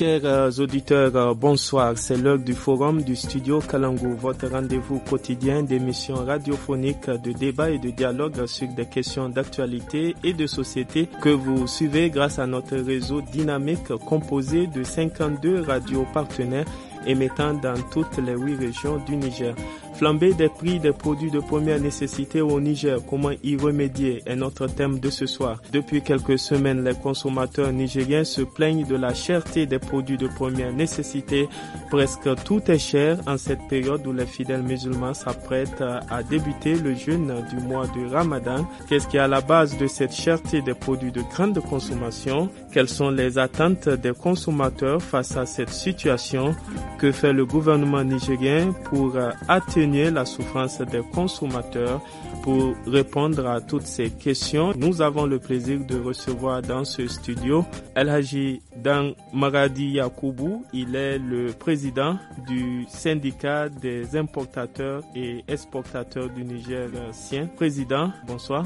chers euh, auditeurs, euh, bonsoir. C'est l'heure du forum du studio Kalangou, votre rendez-vous quotidien d'émissions radiophoniques de débat et de dialogue sur des questions d'actualité et de société que vous suivez grâce à notre réseau dynamique composé de 52 radios partenaires émettant dans toutes les huit régions du Niger flambée des prix des produits de première nécessité au Niger, comment y remédier est notre thème de ce soir. Depuis quelques semaines, les consommateurs nigériens se plaignent de la cherté des produits de première nécessité. Presque tout est cher en cette période où les fidèles musulmans s'apprêtent à débuter le jeûne du mois de Ramadan. Qu'est-ce qui est à la base de cette cherté des produits de grande consommation Quelles sont les attentes des consommateurs face à cette situation Que fait le gouvernement nigérien pour atténuer la souffrance des consommateurs. Pour répondre à toutes ces questions, nous avons le plaisir de recevoir dans ce studio El Haji Dan Maradi Yakoubou. Il est le président du syndicat des importateurs et exportateurs du Nigerien. Président, bonsoir.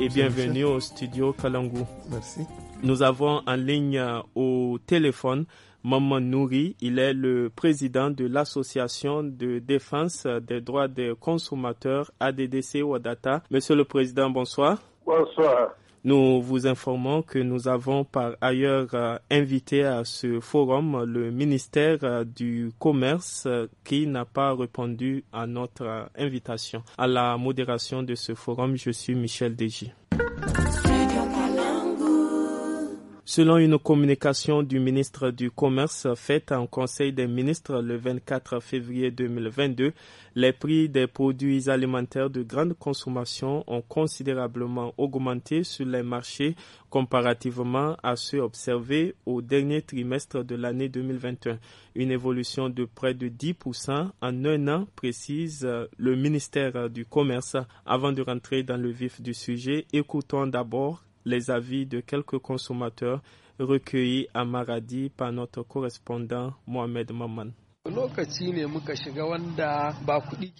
Et bienvenue au studio Kalangou. Merci. Nous avons en ligne euh, au téléphone Maman Nouri. Il est le président de l'Association de défense des droits des consommateurs ADDC Wadata. Monsieur le Président, bonsoir. Bonsoir. Nous vous informons que nous avons par ailleurs euh, invité à ce forum le ministère euh, du Commerce euh, qui n'a pas répondu à notre invitation. À la modération de ce forum, je suis Michel Deji. Selon une communication du ministre du Commerce faite en Conseil des ministres le 24 février 2022, les prix des produits alimentaires de grande consommation ont considérablement augmenté sur les marchés comparativement à ceux observés au dernier trimestre de l'année 2021. Une évolution de près de 10% en un an, précise le ministère du Commerce. Avant de rentrer dans le vif du sujet, écoutons d'abord les avis de quelques consommateurs recueillis à Maradi par notre correspondant Mohamed Maman.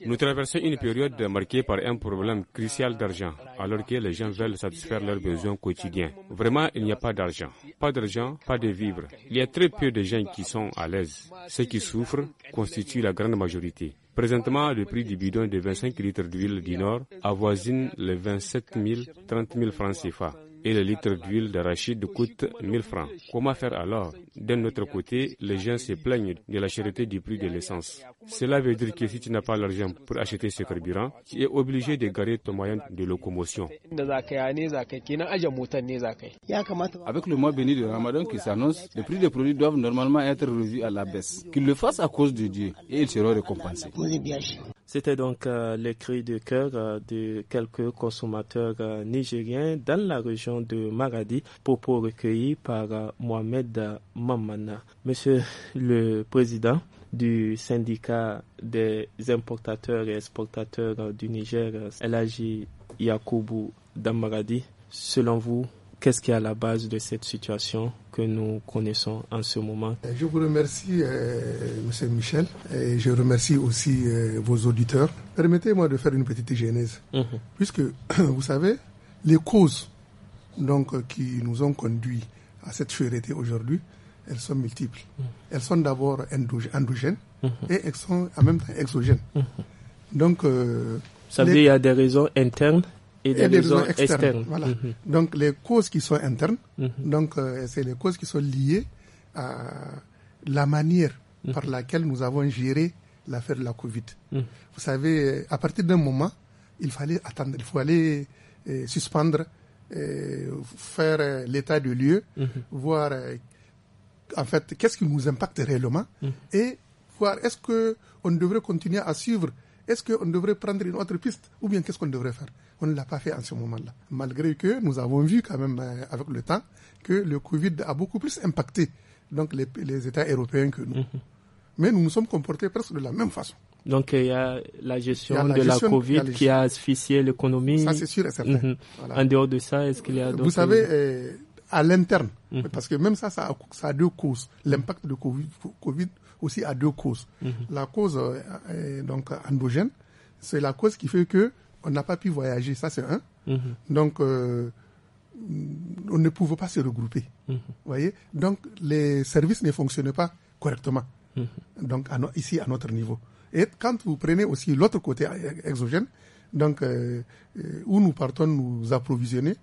Nous traversons une période marquée par un problème crucial d'argent, alors que les gens veulent satisfaire leurs besoins quotidiens. Vraiment, il n'y a pas d'argent. Pas d'argent, pas de vivre. Il y a très peu de gens qui sont à l'aise. Ceux qui souffrent constituent la grande majorité. Présentement, le prix du bidon de 25 litres d'huile du Nord avoisine les 27 000, 30 000 francs CFA et le litre d'huile d'arachide coûte 1000 francs. Comment faire alors D'un autre côté, les gens se plaignent de la cherté du prix de l'essence. Cela veut dire que si tu n'as pas l'argent pour acheter ce carburant, tu es obligé de garer ton moyen de locomotion. Avec le mois béni de Ramadan qui s'annonce, les prix des produits doivent normalement être revus à la baisse. Qu'ils le fassent à cause de Dieu et ils seront récompensés. C'était donc le euh, les de cœur euh, de quelques consommateurs euh, nigériens dans la région de Maradi, propos recueillis par Mohamed Mamana. Monsieur le Président du syndicat des importateurs et exportateurs du Niger, Elagi Yakubu Damaradi, selon vous, qu'est-ce qui est à la base de cette situation que nous connaissons en ce moment euh, Je vous remercie, euh, Monsieur Michel, et je remercie aussi euh, vos auditeurs. Permettez-moi de faire une petite genèse, mhm. puisque vous savez, les causes donc, qui nous ont conduits à cette fureté aujourd'hui, elles sont multiples. Mhm. Elles sont d'abord endogènes mhm. et elles sont en même temps exogènes. Donc, ça veut dire y a des raisons internes et, des, raisons, externes, Voilà. Mhm. Donc les causes qui sont internes, mhm. donc euh, c'est les causes qui sont liées à la manière mhm. par laquelle nous avons géré l'affaire de la Covid. Vous savez, à partir d'un moment, il fallait attendre, il fallait aller euh, suspendre, euh, faire l'état de lieu, voir en fait qu'est-ce qui nous impacte réellement et voir est-ce que on devrait continuer à suivre est-ce qu'on devrait prendre une autre piste ou bien qu'est-ce qu'on devrait faire On ne l'a pas fait en ce moment-là. Malgré que nous avons vu quand même euh, avec le temps que le Covid a beaucoup plus impacté donc les, États européens que nous. Mhm. Mais nous nous sommes comportés presque de la même façon. Donc il y a la gestion de la Covid qui a asphyxié l'économie. Ça c'est sûr et certain. Mhm. En dehors de ça, est-ce qu'il y a d'autres... Vous savez, euh, à l'interne, mhm. parce que même ça, ça a, deux causes. L'impact de COVID, COVID aussi à deux causes. Mhm. La cause euh, euh, donc endogène, c'est la cause qui fait que on n'a pas pu voyager, ça c'est un. Mhm. Donc euh, on ne pouvait pas se regrouper. Mhm. Vous voyez Donc les services ne fonctionnaient pas correctement. Donc ici à notre niveau. Et quand vous prenez aussi l'autre côté exogène, donc où nous partons nous approvisionner,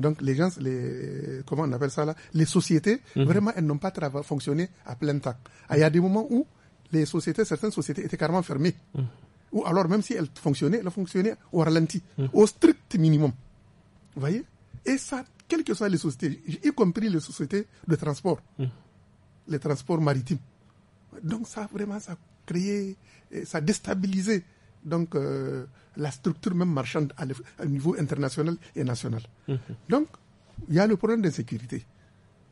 donc les gens, les, comment on appelle ça là, les sociétés, mhm. vraiment, elles n'ont pas fonctionné à plein temps. Ah, il y a des moments où les sociétés, certaines sociétés étaient carrément fermées. Mhm. Ou alors même si elles fonctionnaient, elles fonctionnaient au ralenti, mhm. au strict minimum. Vous voyez Et ça, quelles que soient les sociétés, y compris les sociétés de transport, les transports maritimes. Donc ça, vraiment, ça a créé, ça a déstabilisé donc euh, la structure même marchande au niveau international et national. Mhm. Donc, il y a le problème d'insécurité.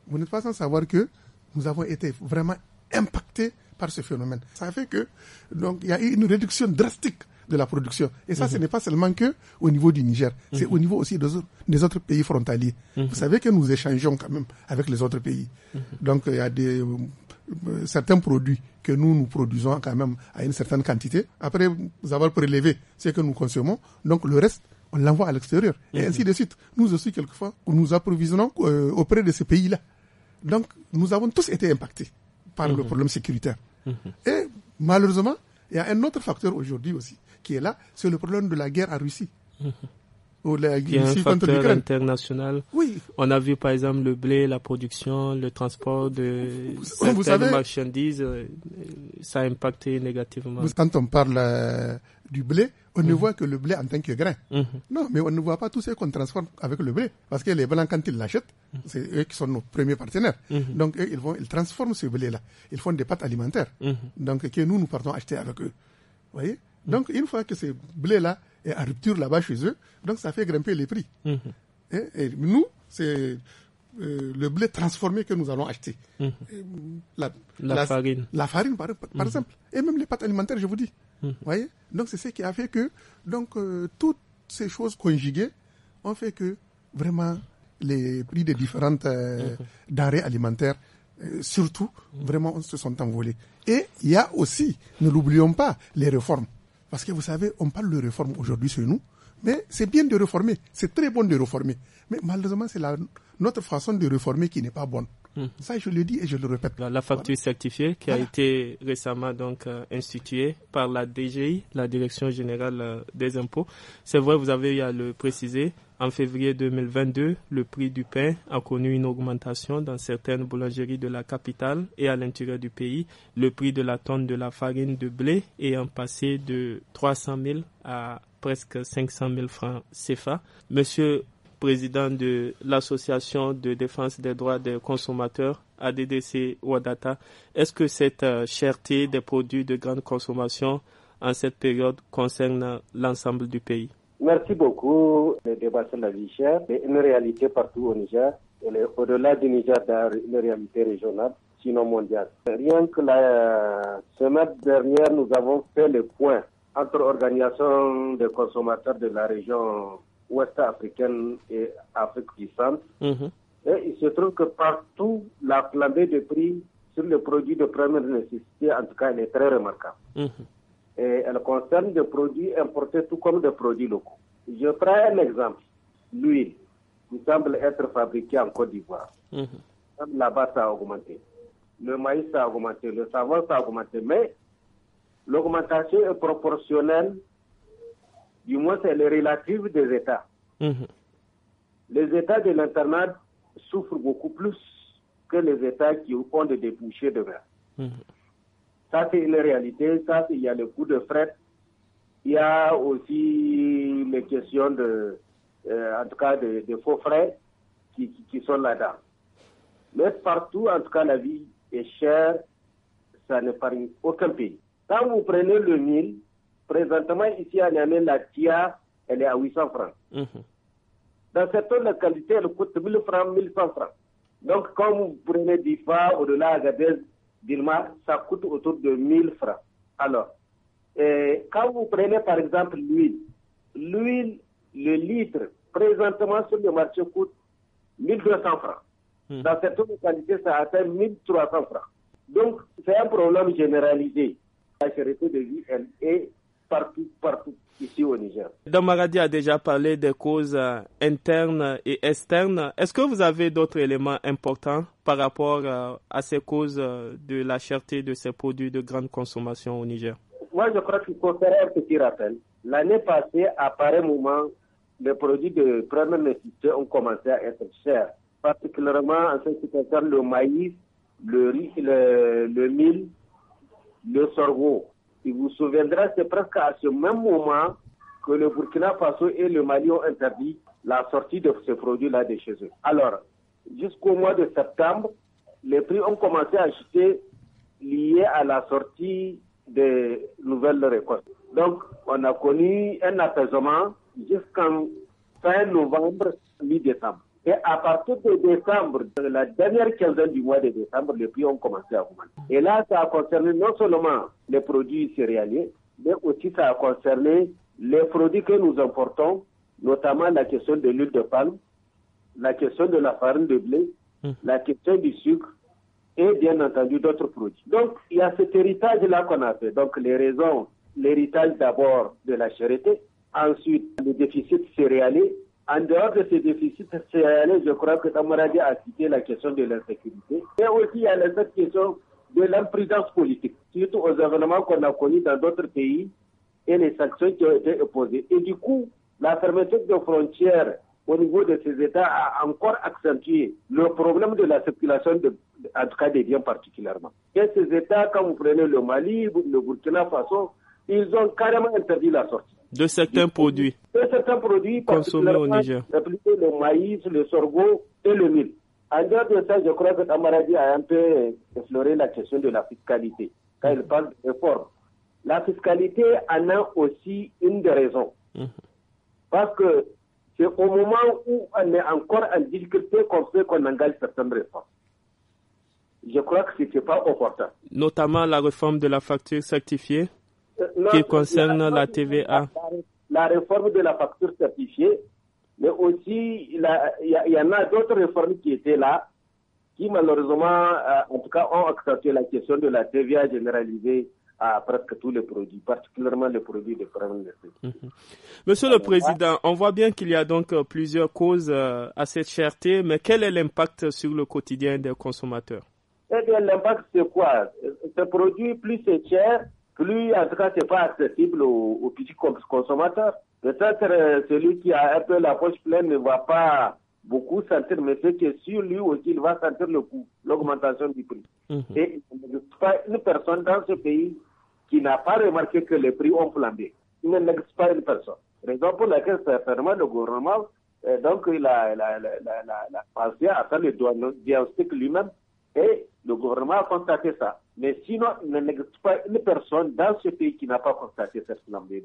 Vous n'êtes pas sans savoir que nous avons été vraiment impactés par ce phénomène. Ça fait que donc il y a eu une réduction drastique de la production. Et ça, ce mhm. n'est pas seulement que au niveau du Niger, c'est mhm. au niveau aussi des, des autres pays frontaliers. Vous savez que nous échangeons quand même avec les autres pays. Donc, il y a des euh, certains produits que nous, nous produisons quand même à une certaine quantité, après avoir prélevé ce que nous consommons, donc le reste, on l'envoie à l'extérieur. Et mhm. ainsi de suite. Nous aussi, quelquefois, nous approvisionnons euh, auprès de ces pays-là. Donc, nous avons tous été impactés par le mhm. problème sécuritaire. Mhm. Et malheureusement, il y a un autre facteur aujourd'hui aussi qui est là, c'est le problème de la guerre en Russie. Ou qui est un facteur international. Oui. On a vu par exemple le blé, la production, le transport de vous, marchandises, euh, ça a impacté négativement. Quand on parle euh, du blé, on ne mhm. voit que le blé en tant que grain. Mhm. Non, mais on ne voit pas tout ce qu'on transforme avec le blé. Parce que les Blancs, quand ils l'achètent, mhm. c'est eux qui sont nos premiers partenaires. Donc, eux, ils, vont, ils transforment ce blé-là. Ils font des pâtes alimentaires. Donc, que nous, nous partons acheter avec eux. Vous voyez Donc, une fois que ce blé-là et rupture là-bas chez eux, donc ça fait grimper les prix. Mm-hmm. Et, nous, c'est euh, le blé transformé que nous allons acheter. Mm-hmm. Mm, la, farine. La farine, par, mm-hmm. exemple. Et même les pâtes alimentaires, je vous dis. voyez Donc c'est ce qui a fait que donc, euh, toutes ces choses conjuguées ont fait que vraiment les prix des différentes d'arrêts euh, denrées alimentaires, surtout, vraiment, se sont envolés. Et il y a aussi, ne l'oublions pas, les réformes. Parce que vous savez, on parle de réforme aujourd'hui chez nous, mais c'est bien de réformer, c'est très bon de réformer. Mais malheureusement, c'est notre façon de réformer qui n'est pas bonne. Mhm. Ça, je le dis et je le répète. La, facture certifiée qui a été récemment donc euh, instituée par la DGI, la Direction générale euh, des impôts. C'est vrai, vous avez eu à le préciser. En février 2022, le prix du pain a connu une augmentation dans certaines boulangeries de la capitale et à l'intérieur du pays. Le prix de la tonne de la farine de blé en passé de 300 000 à presque 500 000 francs CFA. Monsieur président de l'Association de défense des droits des consommateurs, ADDC Ouadata, est-ce que cette euh, cherté des produits de grande consommation en cette période concerne l'ensemble du pays Merci beaucoup. de débat sur la vie chère est une réalité partout au Niger. au-delà du Niger, une réalité régionale, sinon mondiale. Rien que la semaine dernière, nous avons fait le point entre organisations de consommateurs de la région ouest africaine et Afrique du Centre. Mhm. Et il se trouve que partout, la flambée de prix sur les produits de première nécessité, en tout cas, elle est très remarquable. Mhm et eh, elle concerne des produits importés tout comme des produits locaux. Je prends un exemple. L'huile, qui semble être fabriquée en Côte d'Ivoire. La mhm. Là-bas, a augmenté. Le maïs, a augmenté. Le savon, a augmenté. Mais l'augmentation est proportionnelle, du moins c'est le relatif des États. Mhm. Les États de l'internat souffrent beaucoup plus que les États qui ont des débouchés de verre. Mhm. Ça, c'est une réalité. Ça, il y a le coût de frais. Il y a aussi les questions de, euh, en tout cas, de, faux frais qui, sont là-dedans. Mais partout, en tout cas, la vie est chère. Ça ne parle aucun pays. Quand vous prenez le mille, présentement ici en Niamey, la TIA, elle est à 800 francs. Mhm. cette Dans certaines localités, elle coûte 1000 francs, 1100 francs. Donc, quand vous prenez fois au-delà baisse, ça coûte autour de 1000 francs. Alors, euh, quand vous prenez par exemple l'huile, l'huile, le litre, présentement sur le marché coûte 1200 francs. Hmm. Dans cette localités, ça atteint 1300 francs. Donc, c'est un problème généralisé. La de vie, partout, partout ici au Niger. Maradi a déjà parlé des causes euh, internes et externes. Est-ce que vous avez d'autres éléments importants par rapport euh, à ces causes euh, de la cherté de ces produits de grande consommation au Niger Moi, je crois qu'il faut faire un petit rappel. L'année passée, à pareil moment, les produits de première nécessité ont commencé à être chers, particulièrement en ce qui concerne le maïs, le riz, le, le mil, le sorgho. Il vous souviendrez, c'est presque à ce même moment que le Burkina Faso et le Mali ont interdit la sortie de ces produits-là de chez eux. Alors, jusqu'au mois de septembre, les prix ont commencé à chuter liés à la sortie des nouvelles récoltes. Donc, on a connu un apaisement jusqu'en fin novembre, mi-décembre. Et à partir de décembre, de la dernière quinzaine du mois de décembre, les prix ont commencé à augmenter. Et là, ça a concerné non seulement les produits céréaliers, mais aussi ça a concerné les produits que nous importons, notamment la question de l'huile de palme, la question de la farine de blé, hum. la question du sucre et bien entendu d'autres produits. Donc, il y a cet héritage-là qu'on a fait. Donc, les raisons, l'héritage d'abord de la charité, ensuite le déficit céréalier, en dehors de ces déficits je crois que Tamaradi a cité la question de l'insécurité. Mais aussi, il y a la question de l'imprudence politique, surtout aux événements qu'on a connus dans d'autres pays et les sanctions qui ont été imposées. Et du coup, la fermeture de frontières au niveau de ces États a encore accentué le problème de la circulation, en tout cas des biens particulièrement. Et ces États, quand vous prenez le Mali, le Burkina Faso, ils ont carrément interdit la sortie de certains produits, de certains produits consommés au Niger. Le maïs, le sorgho et le mil. En dehors de ça, je crois que Tamaradi a un peu effleuré la question de la fiscalité quand il parle de réforme. La fiscalité en a aussi une des raisons. Mhm. Parce que c'est au moment où on est encore en difficulté qu'on fait qu'on engage certaines réformes. Je crois que ce n'est pas opportun. Notamment la réforme de la facture certifiée qui concerne la TVA La réforme de la facture certifiée, mais aussi il y, en a d'autres réformes qui étaient là, qui malheureusement, euh, en tout cas, ont accentué la question de la TVA généralisée à presque tous les produits, particulièrement les produits de première nécessité. Mhm. Monsieur le Président, on voit bien qu'il y a donc euh, plusieurs causes euh, à cette cherté, mais quel est l'impact sur le quotidien des consommateurs Eh bien, l'impact, c'est quoi Ce produit, plus c'est cher, plus en tout cas c'est pas accessible aux, petit petits consommateurs. Peut-être celui qui a un peu la poche pleine ne va pas beaucoup sentir, mais ce qui sur lui aussi, il va sentir le coût, l'augmentation du prix. Mhm. Et il n'existe pas une personne dans ce pays qui n'a pas remarqué que les prix ont flambé. Il n'existe pas une personne. Raison pour laquelle certainement le gouvernement, euh, donc il a, a, pensé à faire le diagnostic lui-même et le gouvernement a constaté ça. Mais sinon, il n'existe pas une personne dans ce pays qui n'a pas constaté cette flambée.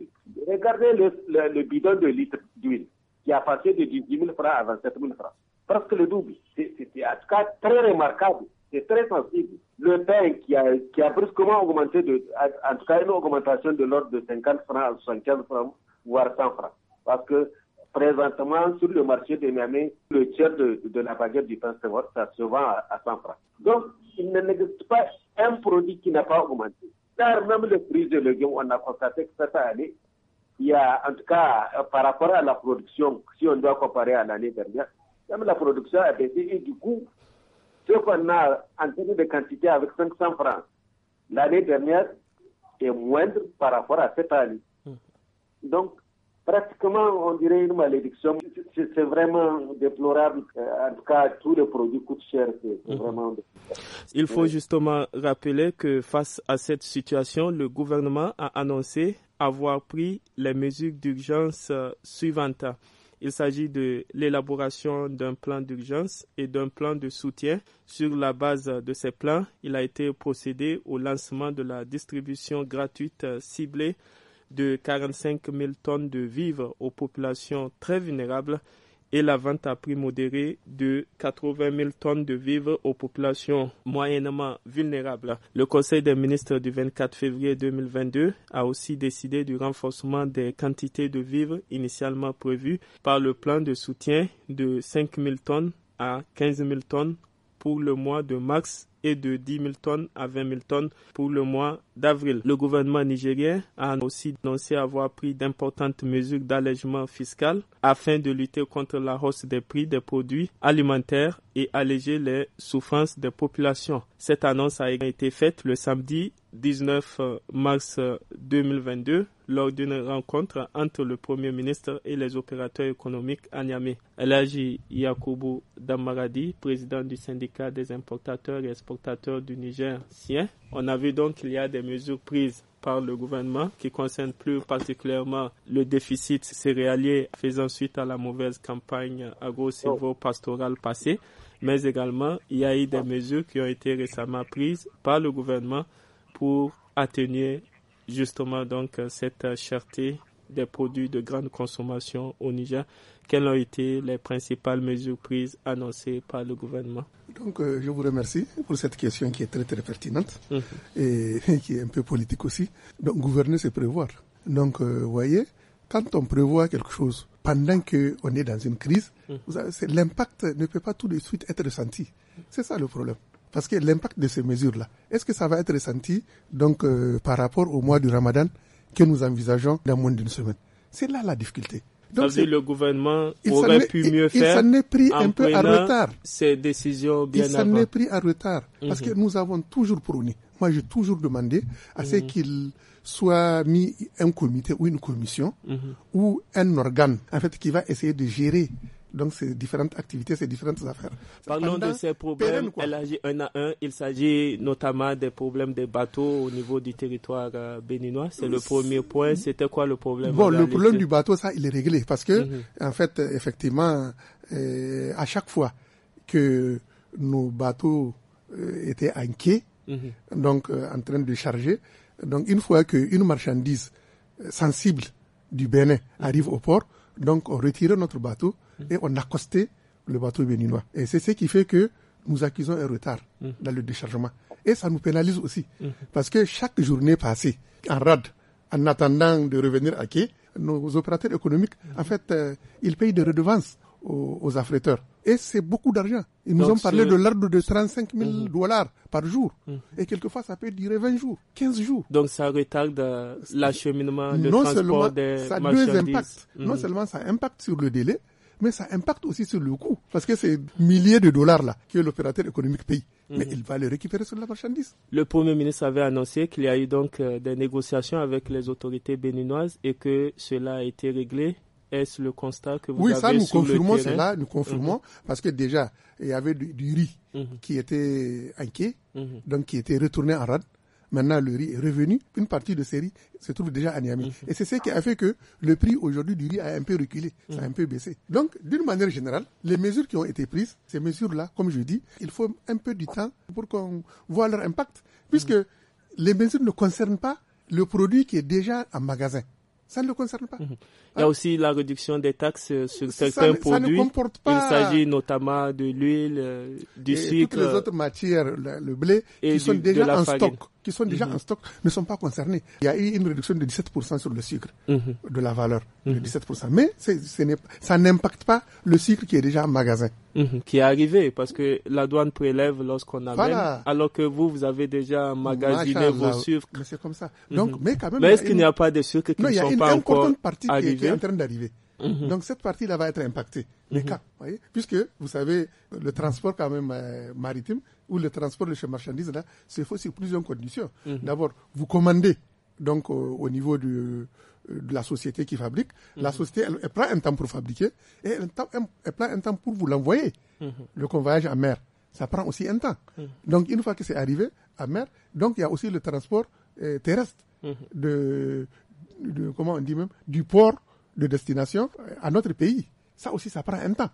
Regardez le, bidon de litre d'huile qui a passé de 10 000 francs à 27 000 francs. Presque le double. C'est en tout cas très remarquable. C'est très sensible. Le pain qui a, qui a brusquement augmenté, de, en tout cas une augmentation de l'ordre de 50 francs à 75 francs, voire 100 francs. Parce que Présentement, sur le marché de Miami, le tiers de, la baguette du pain ça se vend à, 100 francs. Donc, il n'existe pas un produit qui n'a pas augmenté. Car même le prix de légumes, on a constaté que cette année, il y a, en tout cas, par rapport à la production, si on doit comparer à l'année dernière, même la production a baissé et du coup, ce qu'on a en termes de quantité avec 500 francs l'année dernière est moindre par rapport à cette année. Hum. Donc, pratiquement, on dirait une malédiction. C'est vraiment déplorable. Euh, en tout cas, tous les produits coûtent cher. Mhm. Il faut euh, justement rappeler que face à cette situation, le gouvernement a annoncé avoir pris les mesures d'urgence euh, suivantes. Il s'agit de l'élaboration d'un plan d'urgence et d'un plan de soutien. Sur la base de ces plans, il a été procédé au lancement de la distribution gratuite ciblée de 45 000 tonnes de vivres aux populations très vulnérables et la vente à prix modéré de 80 000 tonnes de vivres aux populations moyennement vulnérables. Le Conseil des ministres du 24 février 2022 a aussi décidé du renforcement des quantités de vivres initialement prévues par le plan de soutien de 5 000 tonnes à 15 000 tonnes pour le mois de mars et de 10 000 tonnes à 20 000 tonnes pour le mois d'avril. Le gouvernement nigérien a aussi annoncé avoir pris d'importantes mesures d'allègement fiscal afin de lutter contre la hausse des prix des produits alimentaires et alléger les souffrances des populations. Cette annonce a été faite le samedi 19 mars 2022 lors d'une rencontre entre le Premier ministre et les opérateurs économiques à Niamey. Elagi Yakubu Damaradi, président du syndicat des importateurs et sien. On a vu donc qu'il y a des mesures prises par le gouvernement qui concernent plus particulièrement le déficit céréalier faisant suite à la mauvaise campagne agro-silvo-pastorale passée, mais également il y a eu des mesures qui ont été récemment prises par le gouvernement pour atténuer justement donc cette cherté des produits de grande consommation au Niger. Quelles ont été les principales mesures prises annoncées par le gouvernement Donc, euh, je vous remercie pour cette question qui est très très pertinente mmh. et, qui est un peu politique aussi. Donc, gouverner, c'est prévoir. Donc, euh, vous voyez, quand on prévoit quelque chose pendant qu'on est dans une crise, mmh. l'impact ne peut pas tout de suite être ressenti. C'est ça le problème. Parce que l'impact de ces mesures-là, est-ce que ça va être ressenti donc euh, par rapport au mois du Ramadan que nous envisageons dans moins d'une semaine. C'est là la difficulté. Donc Ça le gouvernement aurait pu mieux faire. Il s'en est pris un peu à retard. Ces décisions bien Il s'en est pris en retard. Parce que mhm. nous avons toujours prôné. Moi, j'ai toujours demandé à ce mhm. qu'il soit mis un comité ou une commission mhm. ou un organe, en fait, qui va essayer de gérer donc, c'est différentes activités, c'est différentes affaires. Parlons de ces problèmes un à un. Il s'agit notamment des problèmes des bateaux au niveau du territoire euh, béninois. C'est le premier point. C'était quoi le problème Bon, le problème du bateau, ça, il est réglé parce que, mhm. en fait, effectivement, euh, à chaque fois que nos bateaux euh, étaient en quai, mhm. donc en train de charger, donc une fois qu'une marchandise sensible du Bénin arrive au port, donc on retire notre bateau et on accostait le bateau béninois. Et c'est ce qui fait que nous accusons un retard mm. dans le déchargement. Et ça nous pénalise aussi. Mm. Parce que chaque journée passée en rade, en attendant de revenir à quai, nos opérateurs économiques, mm. en fait, euh, ils payent des redevances aux, affréteurs. Et c'est beaucoup d'argent. Ils nous ont parlé de l'ordre de 35 000 mm-hmm. dollars par jour. Mm-hmm. Et quelquefois, ça peut durer 20 jours, 15 jours. Donc, ça retarde euh, l'acheminement, transport des ça marchandises. Non mm-hmm. seulement ça impacte sur le délai, mais ça impacte aussi sur le coût, parce que c'est milliers de dollars là que l'opérateur économique paye. Mhm. Mais il va les récupérer sur la marchandise. Le Premier ministre avait annoncé qu'il y a eu donc euh, des négociations avec les autorités béninoises et que cela a été réglé est-ce le constat que vous avez oui, ça, nous confirmons cela, nous confirmons, mhm. parce que déjà, il y avait du, riz mhm. qui était inquiet, donc qui était retourné en rade. Maintenant, le riz est revenu. Une partie de ces riz se trouve déjà à Niamey. Mhm. Et c'est ce qui a fait que le prix aujourd'hui du riz a un peu reculé, ça a mhm. un peu baissé. Donc, d'une manière générale, les mesures qui ont été prises, ces mesures-là, comme je dis, il faut un peu du temps pour qu'on voit leur impact, puisque mhm. les mesures ne concernent pas le produit qui est déjà en magasin. Ça ne le concerne pas. Il y a ah. aussi la réduction des taxes sur certains produits. Ça ne comporte pas... Il s'agit notamment de l'huile, euh, du et Toutes les autres matières, le blé, qui sont déjà en stock qui sont déjà mhm. en stock ne sont pas concernés. Il y a eu une réduction de 17% sur le sucre, mhm. de la valeur de 17%. Mhm. Mais ça n'impacte pas le sucre qui est déjà en magasin. Qui est arrivé parce que la douane prélève lorsqu'on amène, alors que vous, vous avez déjà magasiné vos sucres. Mais c'est comme ça. Donc, mais est-ce qu'il n'y a pas de sucre qui non, ne sont pas encore arrivés? partie qui est, qui est en train d'arriver. Donc cette partie-là va être impactée. Mais puisque vous savez, le transport quand même euh, maritime, ou le transport de ces marchandises-là c'est aussi sur plusieurs conditions. Mhm. D'abord, vous commandez donc au niveau euh, de la société qui fabrique. La mhm. société, elle, prend un temps pour fabriquer et elle, prend un temps pour vous l'envoyer. Mhm. Le convoyage à mer, ça prend aussi un temps. Donc, une fois que c'est arrivé à mer, donc il y a aussi le transport euh, terrestre de, comment on dit même, du port de destination à notre pays. Ça aussi, ça prend un temps.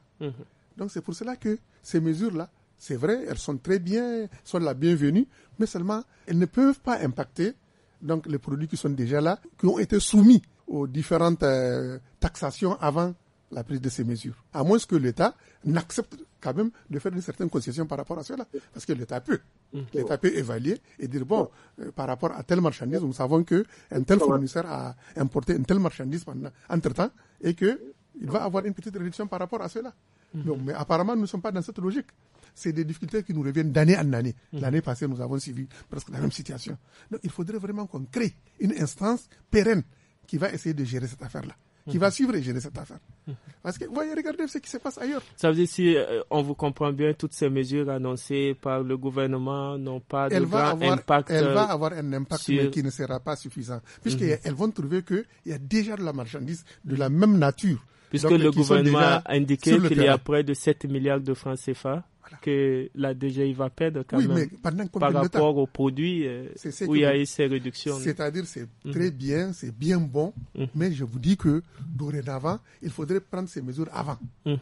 Donc, c'est pour cela que ces mesures-là c'est vrai, elles sont très bien, sont la bienvenue, mais seulement elles ne peuvent pas impacter donc les produits qui sont déjà là, qui ont été soumis aux différentes euh, taxations avant la prise de ces mesures. À moins que l'État n'accepte quand même de faire une certaine concession par rapport à cela. Parce que l'État peut. Mmh. L'État peut évaluer et dire, bon, euh, par rapport à telle marchandise, nous savons qu'un tel fournisseur a importé une telle marchandise pendant, entre-temps et qu'il va avoir une petite réduction par rapport à cela. Mmh. mais apparemment, nous ne sommes pas dans cette logique c'est des difficultés qui nous reviennent d'année en année. Mhm. L'année passée, nous avons suivi presque la même situation. Donc, il faudrait vraiment qu'on crée une instance pérenne qui va essayer de gérer cette affaire-là qui mhm. va suivre et gérer cette affaire. Mhm. Parce que, voyez, regardez ce qui se passe ailleurs. Ça veut dire, si euh, on vous comprend bien, toutes ces mesures annoncées par le gouvernement n'ont pas de impact. Elle va euh, avoir un impact, mais qui ne sera pas suffisant. Puisqu'elles vont trouver qu'il y a déjà de la marchandise de la même nature. Puisque le gouvernement a indiqué qu'il y a près de 7 milliards de francs CFA que la DGI va perdre quand même par rapport aux produits euh, où il y a eu ces réductions. C'est-à-dire c'est mhm. très bien, c'est bien bon, mhm. mais je vous dis que dorénavant, il faudrait prendre ces mesures avant. Mhm.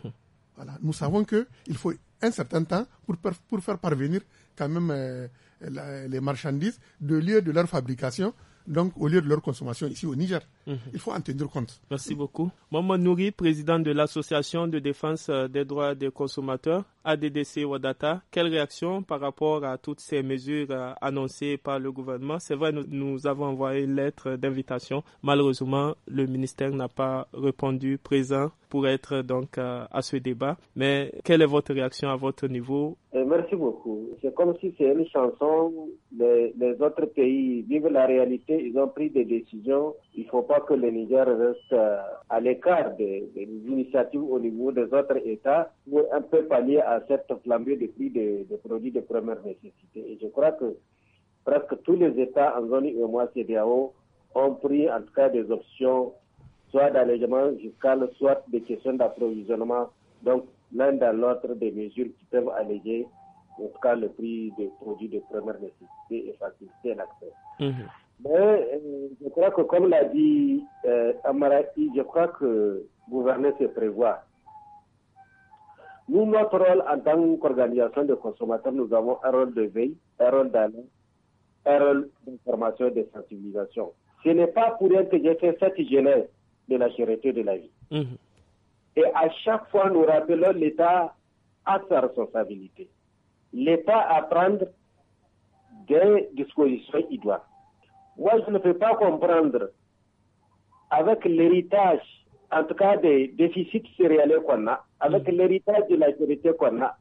Voilà. Nous savons qu'il faut un certain temps pour, pour faire parvenir quand même euh, les marchandises de lieu de leur fabrication, donc au lieu de leur consommation ici au Niger. Mhm. Il faut en tenir compte. Merci beaucoup. Maman Nouri, président de l'Association de défense euh, des droits des consommateurs, ADDC Wadata, quelle réaction par rapport à toutes ces mesures euh, annoncées par le gouvernement C'est vrai, nous, avons envoyé une lettre d'invitation. Malheureusement, le ministère n'a pas répondu présent pour être donc euh, à ce débat. Mais quelle est votre réaction à votre niveau Merci beaucoup. C'est comme si c'est une chanson. Les, les autres pays vivent la réalité. Ils ont pris des décisions il ne faut pas que le Niger reste euh, à l'écart des, initiatives au niveau des autres États pour un peu pallier à cette flambée de prix des, produits de première nécessité. Et je crois que presque tous les États en zone moi CDAO ont pris en tout cas des options, soit d'allègement fiscal, soit des questions d'approvisionnement. Donc, l'un dans l'autre, des mesures qui peuvent alléger, en tout cas, le prix des produits de première nécessité et faciliter l'accès. Mhm. Mais euh, je crois que comme l'a dit euh, Amaraï, je crois que gouverner, se prévoit. Nous, notre rôle en tant qu'organisation de consommateurs, nous avons un rôle de veille, un rôle d'alerte, un rôle d'information et de sensibilisation. Ce n'est pas pour rien que j'ai fait cette jeunesse de la charité de la vie. Mhm. Et à chaque fois, nous rappelons l'État à sa responsabilité. L'État à prendre des dispositions doit. Moi, je ne peux pas comprendre avec l'héritage, en tout cas des déficits céréaliers qu'on a, avec mm. l'héritage de la vérité qu'on a,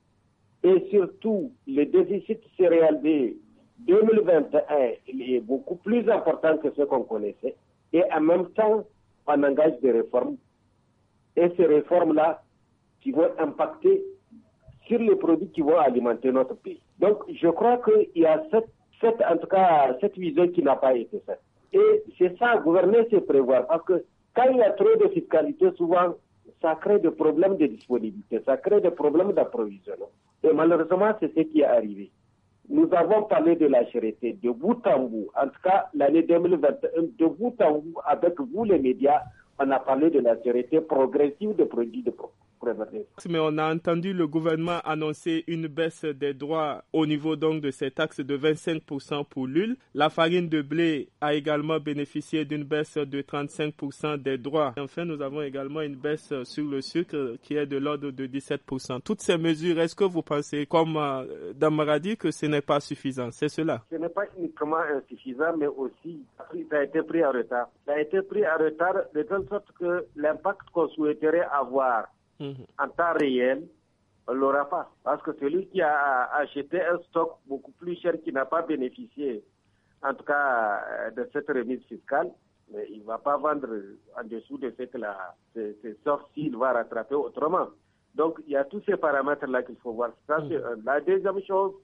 et surtout le déficit céréalier 2021, il est beaucoup plus important que ce qu'on connaissait. Et en même temps, on engage des réformes. Et ces réformes-là, qui vont impacter sur les produits qui vont alimenter notre pays. Donc, je crois qu'il y a cette cette, en tout cas, cette vision qui n'a pas été faite. Et c'est ça, gouverner, c'est prévoir. Parce que quand il y a trop de fiscalité, souvent, ça crée des problèmes de disponibilité, ça crée des problèmes d'approvisionnement. Et malheureusement, c'est ce qui est arrivé. Nous avons parlé de la charité de bout en bout. En tout cas, l'année 2021, de bout en bout, avec vous les médias, on a parlé de la charité progressive de produits de, propos. Mais on a entendu le gouvernement annoncer une baisse des droits au niveau donc de ces taxes de 25% pour l'huile. La farine de blé a également bénéficié d'une baisse de 35% des droits. Enfin, nous avons également une baisse sur le sucre qui est de l'ordre de 17%. Toutes ces mesures, est-ce que vous pensez, comme euh, Damara Damaradi, que ce n'est pas suffisant C'est cela Ce n'est pas uniquement insuffisant, mais aussi, ça a été pris en retard. Ça a été pris en retard de telle sorte que l'impact qu'on souhaiterait avoir Mhm. en temps réel, on ne l'aura pas. Parce que celui qui a acheté un stock beaucoup plus cher, qui n'a pas bénéficié, en tout cas, euh, de cette remise fiscale, il ne va pas vendre en dessous de cette que s'il va rattraper autrement. Donc, il y a tous ces paramètres-là qu'il faut voir. Mhm. La deuxième chose,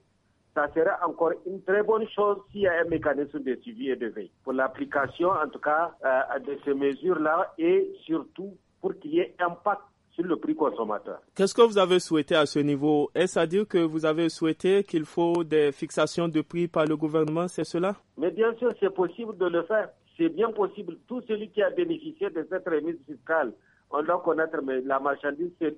ça sera encore une très bonne chose s'il y a un mécanisme de suivi et de veille pour l'application, en tout cas, euh, de ces mesures-là et surtout pour qu'il y ait impact sur le prix consommateur. Qu'est-ce que vous avez souhaité à ce niveau Est-ce à dire que vous avez souhaité qu'il faut des fixations de prix par le gouvernement, c'est cela Mais bien sûr, c'est possible de le faire. C'est bien possible. Tout celui qui a bénéficié de cette remise fiscale, on doit connaître, mais la marchandise, elle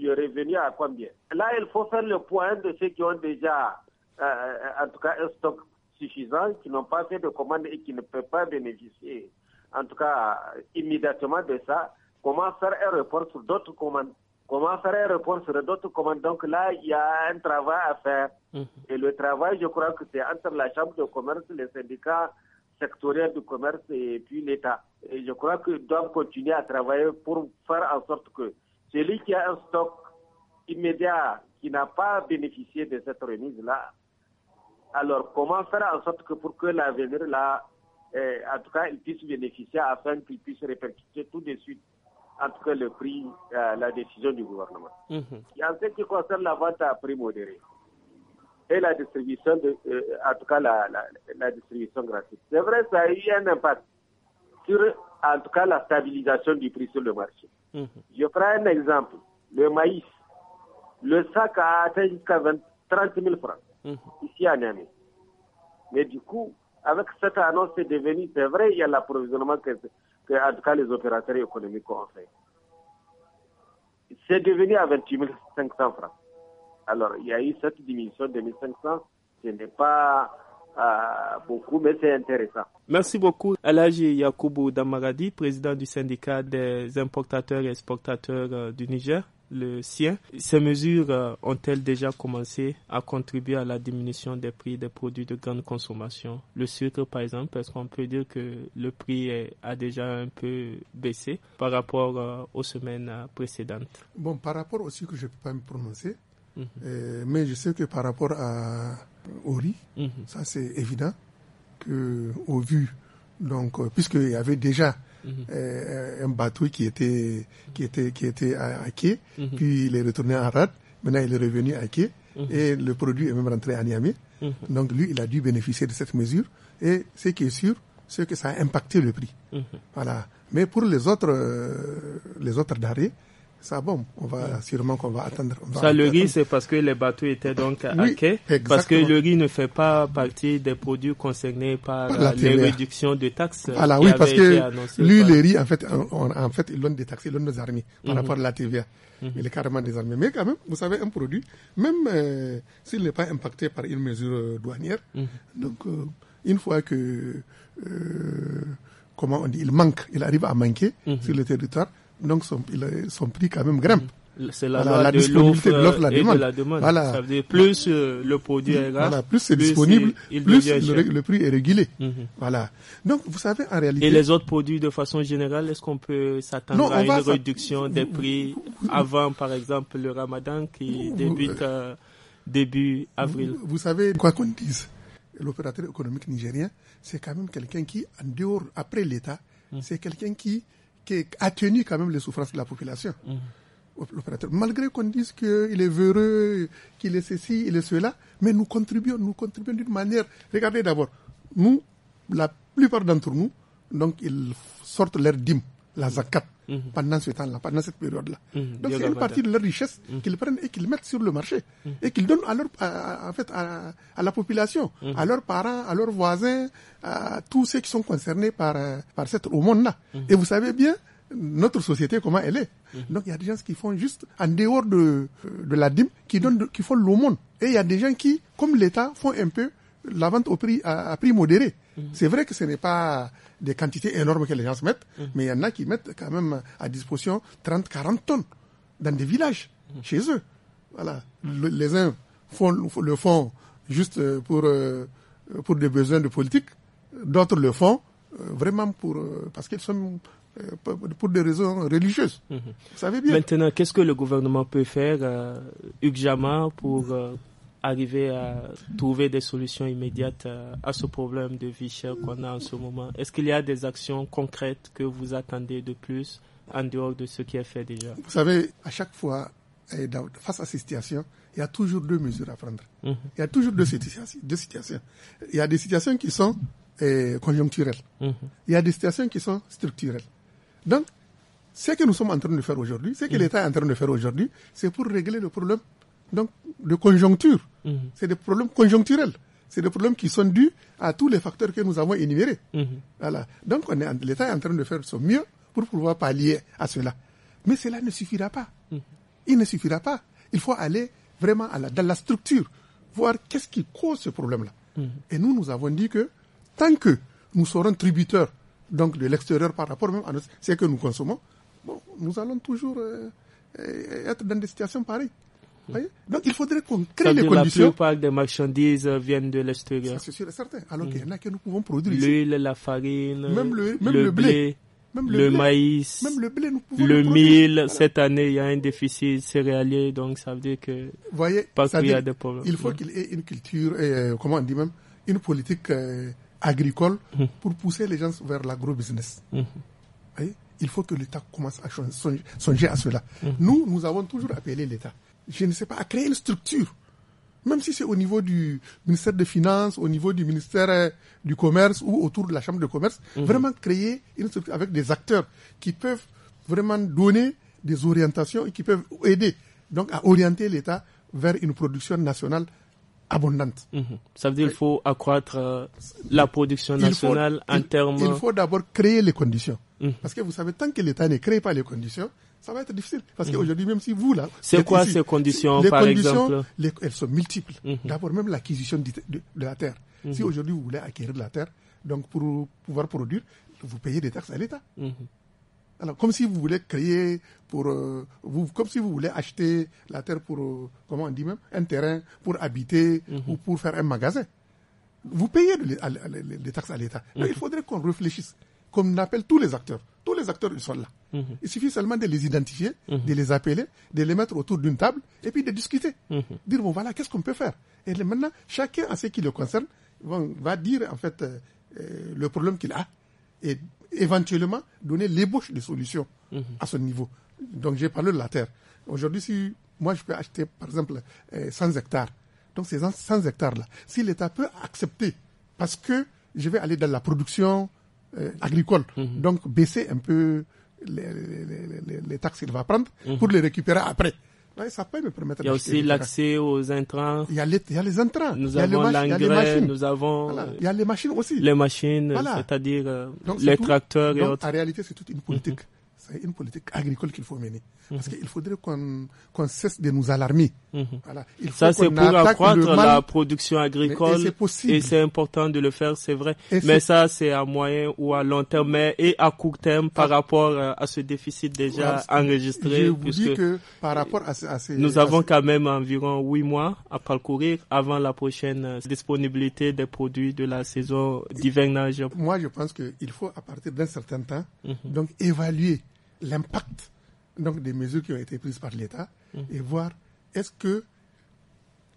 lui est revenue à combien Là, il faut faire le point de ceux qui ont déjà, euh, euh, en tout cas, un stock suffisant, qui n'ont pas fait de commande et qui ne peuvent pas bénéficier, en tout cas, immédiatement de ça comment faire un report sur d'autres commandes, comment faire un report sur d'autres commandes. Donc là, il y a un travail à faire. Mhm. Et le travail, je crois que c'est entre la Chambre de commerce, les syndicats sectoriels du commerce et puis l'État. Et je crois qu'ils doivent continuer à travailler pour faire en sorte que celui qui a un stock immédiat qui n'a pas bénéficié de cette remise-là, alors comment faire en sorte que pour que l'avenir, là, eh, en tout cas, il puisse bénéficier afin qu'il puisse répercuter tout de suite en tout cas le prix, euh, la décision du gouvernement. Mhm. Et en ce qui concerne la vente à prix modéré et la distribution, de, euh, en tout cas la, la, distribution gratuite, c'est vrai, ça a eu un impact sur, en tout cas, la stabilisation du prix sur le marché. Mhm. Je prends un exemple, le maïs. Le sac a atteint jusqu'à 30 000 francs mhm. ici en année. Mais du coup, avec cette annonce, c'est devenu, c'est vrai, il y a l'approvisionnement en tout cas les opérateurs économiques ont fait. C'est devenu à 28 500 francs. Alors, il y a eu cette diminution de 1500. Ce n'est pas euh, beaucoup, mais c'est intéressant. Merci beaucoup, Alagi Yakoubou Damagadi, président du syndicat des importateurs et exportateurs euh, du Niger le sien. Ces mesures euh, ont-elles déjà commencé à contribuer à la diminution des prix des produits de grande consommation Le sucre, par exemple, est-ce qu'on peut dire que le prix a déjà un peu baissé par rapport euh, aux semaines euh, précédentes Bon, par rapport au sucre, je ne peux pas me prononcer. Mhm. mais je sais que par rapport à, au riz, mhm. ça c'est évident que au vu, donc puisqu'il y avait déjà Mhm. Euh, un bateau qui était, qui était, qui était à, à quai, mhm. puis il est retourné à rade. Maintenant, il est revenu à quai mhm. et le produit est même rentré à Niamey. Donc, lui, il a dû bénéficier de cette mesure. Et ce qui est sûr, c'est que ça a impacté le prix. Voilà. Mais pour les autres, euh, les autres darés, ça, bombe. On va sûrement qu'on va attendre. ça, le riz, c'est parce que les bateaux étaient donc à oui, parce que le riz ne fait pas partie des produits concernés par, euh, la les réductions de taxes. Ah oui, parce que lui, le riz, en fait, en fait, il donne des taxes, il donne nos armées par mhm. rapport à la TVA. Mhm. Il est carrément désarmé. Mais quand même, vous savez, un produit, même euh, s'il n'est pas impacté par une mesure euh, douanière, mhm. donc une fois que comment on dit, il manque, il arrive à manquer sur le territoire, donc son, prix quand même grimpe. Mm. C'est la, disponibilité l'offre la demande. la demande. Voilà. plus euh, le produit est mm. voilà, plus c'est disponible, plus le, prix est régulé. Mm-hmm. Voilà. Donc vous savez en réalité. Et les autres produits de façon générale, est-ce qu'on peut s'attendre à une réduction des prix avant, par exemple, le Ramadan qui débute euh, début avril vous, savez quoi qu'on dise, l'opérateur économique nigérien, c'est quand même quelqu'un qui, en dehors, après l'État, mm. c'est quelqu'un qui qui a tenu quand même les souffrances de la population. Mm. Malgré qu'on dise qu'il est véreux, qu'il est ceci, il est cela, mais nous contribuons, nous contribuons d'une manière. Regardez d'abord, nous, la plupart d'entre nous, donc ils sortent leur dîme la zakat mhm. pendant ce temps-là, pendant cette période-là. Mhm. Donc c'est une partie de leur richesse mhm. qu'ils prennent et qu'ils mettent sur le marché et qu'ils donnent à en fait, à, la population, à leurs parents, à leurs voisins, à tous ceux qui sont concernés par, euh, par cette aumône-là. Et vous savez bien, notre société, comment elle est. Donc il y a des gens qui font juste, en dehors de, euh, de la dîme, qui, donnent qui font l'aumône. Et il y a des gens qui, comme l'État, font un peu la vente au prix, à prix modéré. Mhm. C'est vrai que ce n'est pas des quantités énormes que les gens se mettent, mhm. mais il y en a qui mettent quand même à disposition 30, 40 tonnes dans des villages, mhm. chez eux. Voilà. les uns le font juste euh, pour, euh, pour des besoins de politique, d'autres le font euh, vraiment pour, parce qu'ils sont pour des raisons religieuses. Vous savez bien. Maintenant, qu'est-ce que le gouvernement peut faire, euh, pour arriver à trouver des solutions immédiates euh, à ce problème de vie chère qu'on a en ce moment Est-ce qu'il y a des actions concrètes que vous attendez de plus en dehors de ce qui est fait déjà Vous savez, à chaque fois, eh, face à ces situations, il y a toujours deux mesures à prendre. Mhm. Il y a toujours deux situations, deux situations. Il y a des situations qui sont eh, conjoncturelles. Mhm. Il y a des situations qui sont structurelles. Donc, ce que nous sommes en train de faire aujourd'hui, ce que mhm. l'État est en train de faire aujourd'hui, c'est pour régler le problème donc de conjoncture. Mhm. C'est des problèmes conjoncturels. C'est des problèmes qui sont dus à tous les facteurs que nous avons énumérés. Mhm. Voilà. Donc l'État est en train de faire son mieux pour pouvoir pallier à cela. Mais cela ne suffira pas. Mhm. Il ne suffira pas. Il faut aller vraiment à la, dans la structure, voir qu'est-ce qui cause ce problème-là. Et nous, nous avons dit que tant que nous serons tributeurs donc de l'extérieur par rapport même à ce que nous consommons, nous allons toujours euh, euh, être dans des situations pareilles. Donc il faudrait qu'on crée les conditions. La plupart des marchandises viennent de l'extérieur. C'est sûr et certain. Alors qu'il y en a que nous pouvons produire. L'huile, la farine, même le, blé. le, maïs, même le, blé, cette année, il y a un déficit céréalier, donc ça veut dire que Voyez, qu'il des problèmes. Il faut qu'il y ait une culture, euh, comment on dit même, une politique euh, agricole hum. pour pousser les gens vers l'agro-business. Hum. Il faut que l'État commence à songer, à cela. Hum. Nous, nous avons toujours appelé l'État je ne sais pas, à créer une structure. Même si c'est au niveau du ministère des Finances, au niveau du ministère euh, du Commerce ou autour de la Chambre de Commerce, mhm. vraiment créer une structure avec des acteurs qui peuvent vraiment donner des orientations et qui peuvent aider donc à orienter l'État vers une production nationale abondante. Mhm. Ça veut dire qu'il faut accroître euh, la production nationale en termes... Il faut d'abord créer les conditions. Mm. Parce que vous savez, tant que l'État ne crée pas les conditions, ça va être difficile. Parce mm. qu'aujourd'hui, même si vous, là... C'est quoi ces conditions, par exemple Elles sont multiples. Mm-hmm. D'abord, même l'acquisition de, la terre. Mm-hmm. Si aujourd'hui, vous voulez acquérir de la terre, donc pour pouvoir produire, vous payez des taxes à l'État. Mm-hmm. Alors, comme si vous voulez créer pour, euh, vous, comme si vous voulez acheter la terre pour, euh, comment on dit même, un terrain pour habiter ou pour faire un magasin. Vous payez les, taxes à l'État. Il faudrait qu'on réfléchisse comme on appelle tous les acteurs. Tous les acteurs, ils sont là. Mhm. Il suffit seulement de les identifier, mhm. de les appeler, de les mettre autour d'une table et puis de discuter. Mhm. Dire, bon, voilà, qu'est-ce qu'on peut faire Et maintenant, chacun, en ce qui le concerne, va dire, en fait, euh, euh, le problème qu'il a et éventuellement donner l'ébauche de solutions à ce niveau. Donc, j'ai parlé de la terre. Aujourd'hui, si moi, je peux acheter, par exemple, 100 euh, hectares, donc ces 100 hectares-là, si l'État peut accepter, parce que je vais aller dans la production, euh, agricole. Mhm. Donc baisser un peu les, les, les, les taxes qu'il va prendre mhm. pour les récupérer après. Il y a aussi l'accès aux intrants. Il y a les, il y a les intrants. Nous il y a avons nous avons. Il y a les machines aussi. Les machines, c'est-à-dire euh, les tracteurs et autres. En réalité, c'est toute une politique. Mhm c'est une politique agricole qu'il faut mener. Parce qu'il faudrait qu'on cesse de nous alarmer. Mhm. Voilà. Il faut Ça, c'est pour accroître la production agricole. Et c'est important de le faire, c'est vrai. mais ça, c'est à moyen ou à long terme, mais et à court terme par ah. rapport euh, à ce déficit déjà enregistré. Je vous dis que par rapport à, ces... Nous avons quand même environ huit mois à parcourir avant la prochaine euh, disponibilité des produits de la saison d'hivernage. Moi, je pense qu'il faut, à partir d'un certain temps, mhm. donc évaluer l'impact donc des mesures qui ont été prises par l'État mm. et voir est-ce que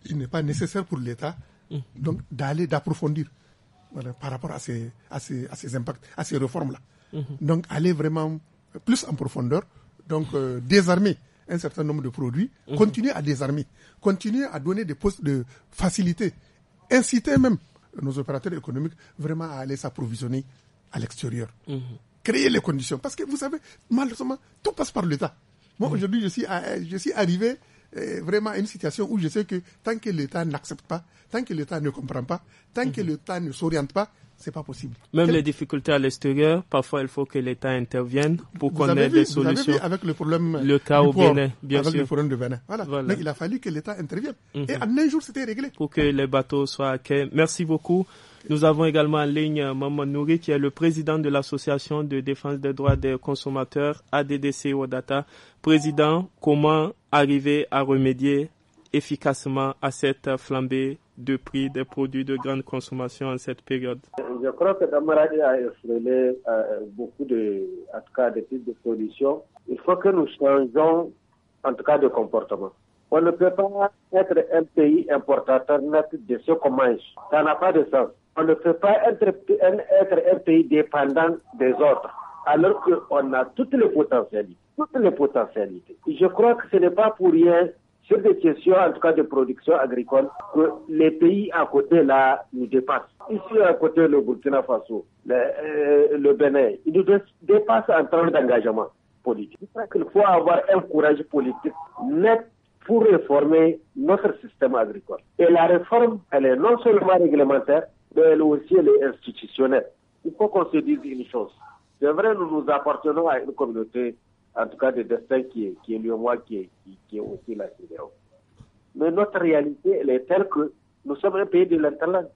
il n'est pas nécessaire pour l'État mm. donc d'aller d'approfondir par rapport à ces, à ces, impacts, à ces réformes-là. Mm-hmm. Donc aller vraiment plus en profondeur, donc euh, désarmer un certain nombre de produits, mm-hmm. continuer à désarmer, continuer à donner des postes de facilité, inciter même nos opérateurs économiques vraiment à aller s'approvisionner à l'extérieur. Mm-hmm créer les conditions. Parce que vous savez, malheureusement, tout passe par l'État. Moi, mm. aujourd'hui, je suis, euh, je suis arrivé euh, vraiment à une situation où je sais que tant que l'État n'accepte pas, tant que l'État ne comprend pas, tant que mm-hmm. l'État ne s'oriente pas, c'est pas possible. Même les difficultés à l'extérieur, parfois il faut que l'État intervienne pour qu'on ait des solutions. Vous avez vu avec le problème le cas au Bénin, bien avec sûr. le problème de Bénin. Voilà. Mais il a fallu que l'État intervienne. Et mm-hmm. en un jour, c'était réglé. Pour que les bateaux soient à quai. Merci beaucoup. Nous avons également en ligne euh, Maman Nouri, qui est le président de l'Association de défense des droits des consommateurs, ADDC Wadata. Président, comment arriver à remédier efficacement à cette flambée de prix des produits de grande consommation en cette période Je crois que Damaradi a effleuré euh, beaucoup de, en cas, de types de solutions. Il faut que nous changeons, en tout cas, de comportement. On ne peut pas être un pays importateur net de ce qu'on mange. Ça n'a pas de sens. On ne peut pas être, être un pays dépendant des autres, alors qu'on a toutes les potentialités. Toutes les potentialités. Je crois que ce n'est pas pour rien sur des questions, en tout cas de production agricole, que les pays à côté là nous dépassent. Ici à côté le Burkina Faso, le, euh, Bénin, ils nous dépassent en termes d'engagement politique. Il qu'il faut avoir un courage politique net pour réformer notre système agricole. Et la réforme, elle est non seulement réglementaire, mais elle aussi elle est institutionnelle. Il faut qu'on se dise une chose. C'est vrai, nous nous appartenons à une communauté, en tout cas de destin qui est, qui le moi, qui est, qui, aussi la CDO. Mais notre réalité, elle est telle que nous sommes un pays de l'interland.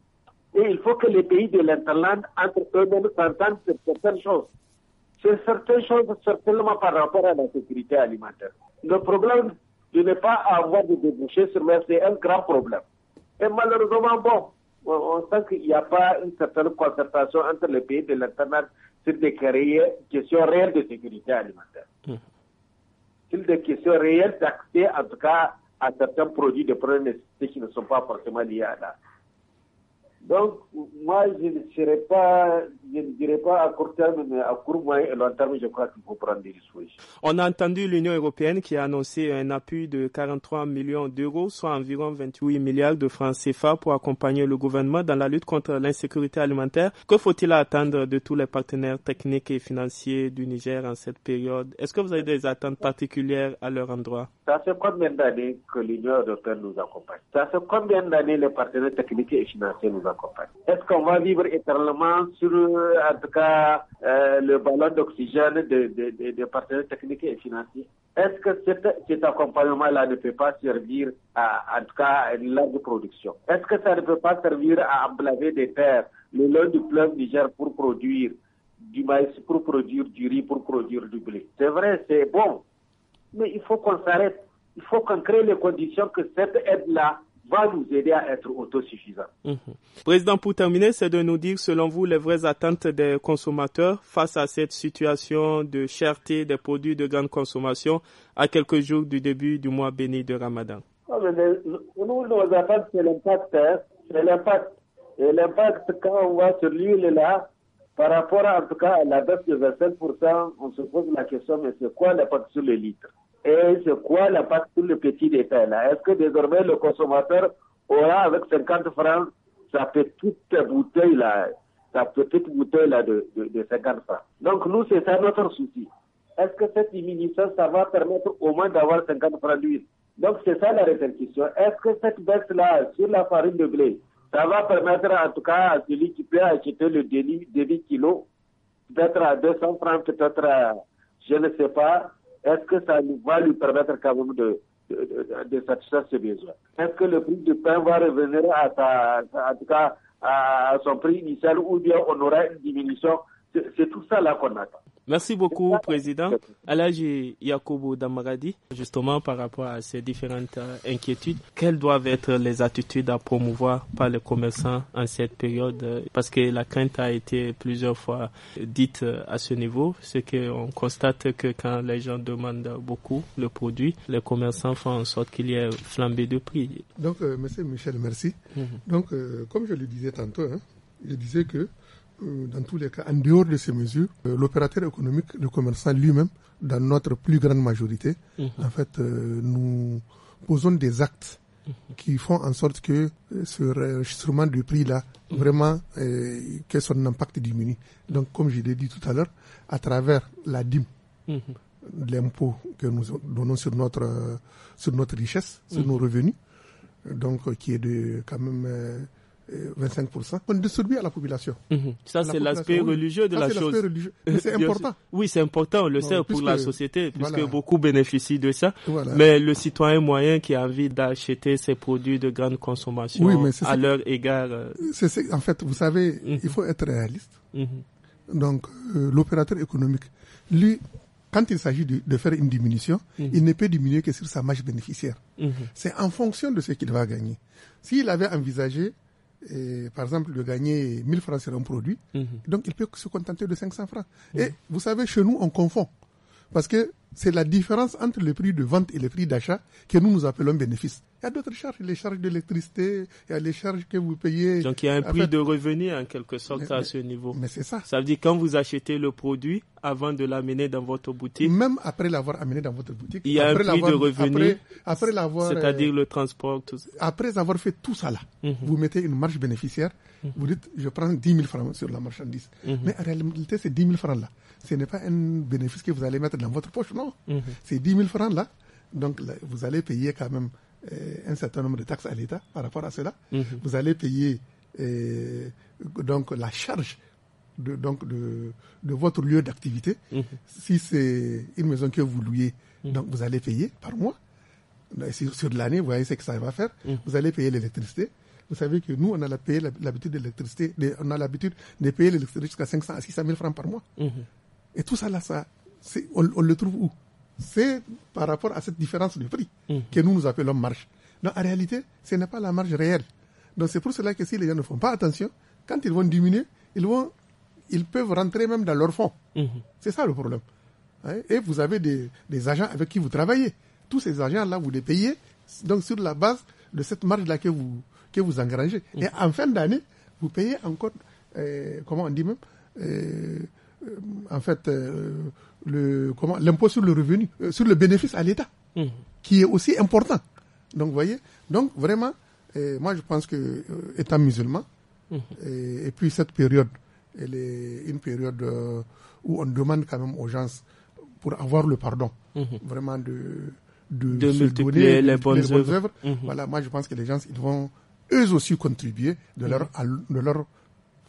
Et il faut que les pays de l'interland, entre eux-mêmes, s'entendent sur certaines choses. C'est certaines choses, certainement par rapport à la sécurité alimentaire. Le problème de ne pas avoir de débouchés sur mer, c'est un grand problème. Et malheureusement, bon, on sent qu'il n'y a pas une certaine concertation entre les pays de l'internat sur des questions réelles de sécurité alimentaire. Mm-hmm. Sur des questions réelles d'accès, en tout cas, à certains produits de première nécessité qui ne sont pas forcément liés à la, donc, moi, je ne dirais pas, à court terme, mais à court, moyen et long terme, je crois qu'il faut prendre des On a entendu l'Union européenne qui a annoncé un appui de 43 millions d'euros, soit environ 28 milliards de francs CFA pour accompagner le gouvernement dans la lutte contre l'insécurité alimentaire. Que faut-il attendre de tous les partenaires techniques et financiers du Niger en cette période? Est-ce que vous avez des attentes particulières à leur endroit? Ça fait combien d'années que l'Union européenne nous accompagne? Ça fait combien d'années les partenaires techniques et financiers nous accompagnent? Est-ce qu'on va vivre éternellement sur, en tout cas, euh, le ballon d'oxygène des de, partenaires techniques et financiers Est-ce que cet, accompagnement-là ne peut pas servir à, en tout cas, une production Est-ce que ça ne peut pas servir à emblaver des terres le long du plan Niger pour produire du maïs, pour produire du riz, pour produire du blé C'est vrai, c'est bon, mais il faut qu'on s'arrête. Il faut qu'on crée les conditions que cette aide-là va nous aider à être autosuffisants. Mhm. Président, pour terminer, c'est de nous dire, selon vous, les vraies attentes des consommateurs face à cette situation de cherté des produits de grande consommation à quelques jours du début du mois béni de Ramadan. Ah, nous, nos attentes, c'est l'impact. Hein. l'impact. l'impact, quand on va sur l'huile-là, par rapport à, la baisse de 25%, on se pose la question, mais c'est quoi l'impact sur les litres et c'est quoi l'impact sur le petit détail là Est-ce que désormais le consommateur aura avec 50 francs sa petite bouteille là, sa petite bouteille là de, de, 50 francs Donc nous, c'est ça notre souci. Est-ce que cette diminution, ça va permettre au moins d'avoir 50 francs d'huile Donc c'est ça la répercussion. Est-ce que cette baisse là sur la farine de blé, ça va permettre en tout cas à celui qui peut acheter le déni de kilo peut à 200 francs, peut-être à, je ne sais pas, est-ce que ça va lui permettre quand même de, de, satisfaire ses besoins Est-ce que le prix du pain va revenir à, sa, à, à son prix initial ou bien on aura une diminution c'est tout ça là qu'on attend. Merci beaucoup, Président. l'âge Yakobo Damaradi, justement par rapport à ces différentes euh, inquiétudes, quelles doivent être les attitudes à promouvoir par les commerçants en cette période euh, Parce que la crainte a été plusieurs fois dite euh, à ce niveau, ce qu'on constate que quand les gens demandent beaucoup le produit, les commerçants font en sorte qu'il y ait flambée de prix. Donc, M. Monsieur Michel, merci. Mhm. Donc, comme je le disais tantôt, hein, je disais que euh, dans tous les cas, en dehors de ces mesures, euh, l'opérateur économique, le commerçant lui-même, dans notre plus grande majorité, mhm. en fait, euh, nous posons des actes qui font en sorte que ce enregistrement du prix-là, mhm. vraiment, que son impact diminue. Donc, comme je l'ai dit tout à l'heure, à travers la dîme, mhm. l'impôt que nous donnons sur notre, sur notre richesse, sur nos revenus, donc qui est de quand même 25%, euh, on distribue à la population. Mhm. Ça, c'est l'aspect religieux de la chose. Religieux. c'est important. Oui, c'est important, on le sait, pour la société, puisque beaucoup bénéficient de ça. Mais le citoyen moyen qui a envie d'acheter ses produits de grande consommation à leur égard. Euh, en fait, vous savez, mhm. il faut être réaliste. Mhm. Donc, euh, l'opérateur économique, lui, quand il s'agit de, faire une diminution, il ne peut diminuer que sur sa marge bénéficiaire. C'est en fonction de ce qu'il va gagner. S'il avait envisagé par exemple, de gagner 1000 francs sur un produit, mhm. donc il peut se contenter de 500 francs. Et mhm. vous savez, chez nous, on confond. Parce que c'est la différence entre le prix de vente et le prix d'achat que nous nous appelons bénéfice. Il y a d'autres charges, les charges d'électricité, il y a les charges que vous payez. Donc il y a un prix de revenu en quelque sorte à ce niveau. Mais c'est ça. Ça veut dire quand vous achetez le produit avant de l'amener dans votre boutique. Même après l'avoir amené dans votre boutique. Il y a un prix de revenu. Après, l'avoir. C'est-à-dire euh, le transport. Tout ça. Après avoir fait tout ça là, mhm. vous mettez une marge bénéficiaire. Mhm. Vous dites je prends 10 000 francs sur la marchandise. Mhm. Mais en réalité c'est 10 000 francs là. Ce n'est pas un bénéfice que vous allez mettre dans votre poche. Mhm. C'est 10 000 francs là, donc vous allez payer quand même euh, un certain nombre de taxes à l'État par rapport à cela. Mhm. Vous allez payer euh, donc la charge de, donc de, de votre lieu d'activité. Mhm. Si c'est une maison que vous louez, donc vous allez payer par mois. Sur, sur l'année, vous voyez ce que ça va faire. Vous allez payer l'électricité. Vous savez que nous, on a l'habitude d'électricité on a l'habitude de payer l'électricité jusqu'à 500 à 600 000 francs par mois. Et tout ça, là, ça, on, le trouve où C'est par rapport à cette différence de prix mmh. que nous nous appelons marge. Donc en réalité, ce n'est pas la marge réelle. Donc c'est pour cela que si les gens ne font pas attention, quand ils vont diminuer, ils vont, ils peuvent rentrer même dans leur fonds. Mmh. C'est ça le problème. Hein? Et vous avez des, agents avec qui vous travaillez. Tous ces agents-là, vous les payez, donc sur la base de cette marge-là que vous, que vous engrangez. Mmh. Et en fin d'année, vous payez encore, euh, comment on dit même, euh, euh, en fait, l'impôt sur le revenu, euh, sur le bénéfice à l'État, mmh. qui est aussi important. Donc, vous voyez, donc vraiment, moi je pense que euh, étant musulman, mmh. et, puis cette période, elle est une période euh, où on demande quand même aux gens pour avoir le pardon, mmh. vraiment de se donner les bonnes, œuvres. Voilà, moi je pense que les gens ils vont eux aussi contribuer de leur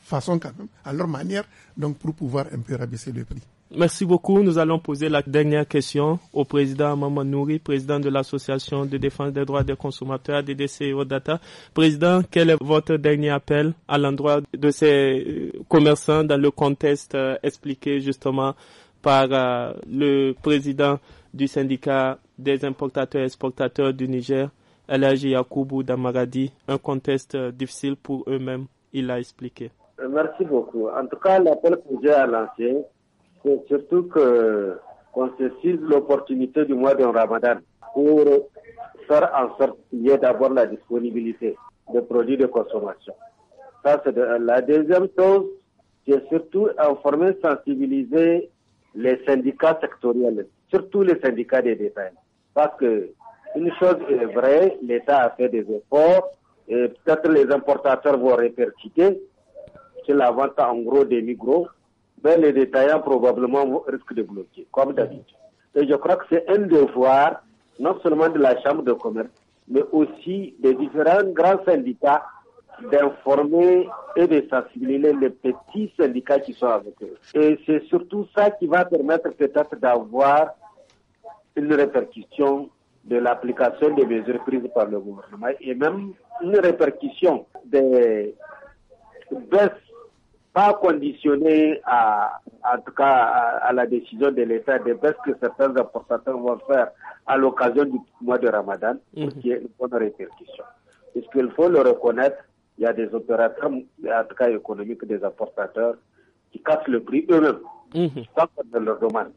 façon quand même, à leur manière, donc pour pouvoir un peu rabaisser le prix. Merci beaucoup. Nous allons poser la dernière question au président Maman Nouri, président de l'Association de défense des droits des consommateurs, DDC Data. Président, quel est votre dernier appel à l'endroit de ces euh, commerçants dans le contexte euh, expliqué justement par euh, le président du syndicat des importateurs et exportateurs du Niger, Elhaji Yakoubou Damaradi, un contexte difficile pour eux-mêmes, il a expliqué. Merci beaucoup. En tout cas, l'appel que j'ai à lancer, c'est surtout que qu'on se saisit l'opportunité du mois de Ramadan pour faire en sorte qu'il y ait d'abord la disponibilité des produits de consommation. Ça, c'est de, la deuxième chose, c'est surtout informer, sensibiliser les syndicats sectoriels, surtout les syndicats des détails. Parce que une chose est vraie, l'État a fait des efforts, et peut-être les importateurs vont répercuter sur la vente en gros des migros, ben les détaillants probablement risquent de bloquer, comme d'habitude. Et je crois que c'est un devoir, non seulement de la Chambre de commerce, mais aussi des différents grands syndicats d'informer et de sensibiliser les petits syndicats qui sont avec eux. Et c'est surtout ça qui va permettre peut-être d'avoir une répercussion de l'application des mesures prises par le gouvernement et même une répercussion des baisses pas conditionné à, en tout cas, à, la décision de l'État de ce que certains importateurs vont faire à l'occasion du mois de Ramadan pour qui mhm. qu'il une bonne répercussion. Parce qu'il faut le reconnaître, il y a des opérateurs, en tout cas économiques, des importateurs qui cassent le prix eux-mêmes, mhm. sans faire de leur demande.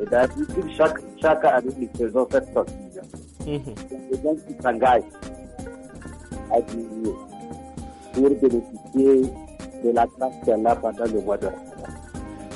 Et d'habitude, chaque, chaque année, ils faisons cette sortie. C'est mhm. des gens qui s'engagent à diminuer pour bénéficier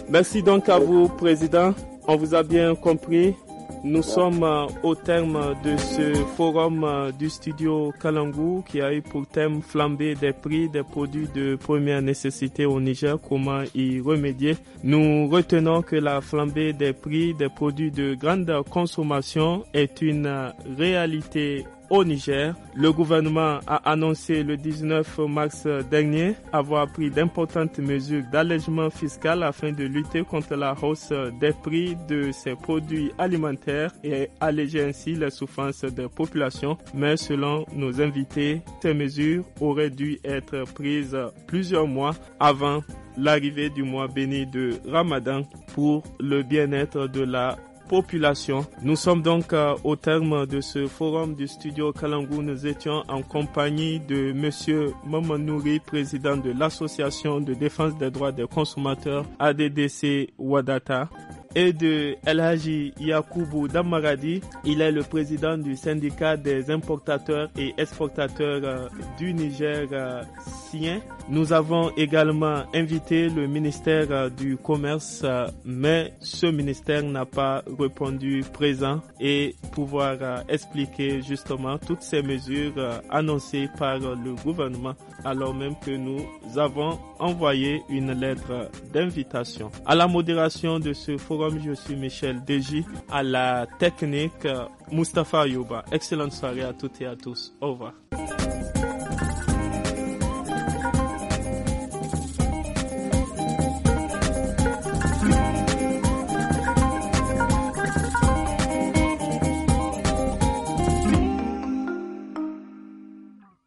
Merci donc à vous, Président. On vous a bien compris. Nous sommes euh, au terme de ce forum euh, du studio Kalangou qui a eu pour thème flambée des prix des produits de première nécessité au Niger, comment y remédier. Nous retenons que la flambée des prix des produits de grande consommation est une euh, réalité au Niger. Le gouvernement a annoncé le 19 mars dernier avoir pris d'importantes mesures d'allègement fiscal afin de lutter contre la hausse des prix de ses produits alimentaires et alléger ainsi les souffrances des populations. Mais selon nos invités, ces mesures auraient dû être prises plusieurs mois avant l'arrivée du mois béni de Ramadan pour le bien-être de la population. Nous sommes donc euh, au terme de ce forum du studio Kalangou. Nous étions en compagnie de monsieur Mamanouri, président de l'association de défense des droits des consommateurs ADDC Wadata et de Elhaji Yakubu Damaradi. Il est le président du syndicat des importateurs et exportateurs euh, du Niger euh, sien. Nous avons également invité le ministère euh, du Commerce, mais ce ministère n'a pas répondu présent et pouvoir expliquer justement toutes ces mesures annoncées par le gouvernement, alors même que nous avons envoyé une lettre d'invitation. À la modération de ce forum, je suis Michel Deji à la technique mustafa Yuba. Excellente soirée à toutes et à tous. Au revoir.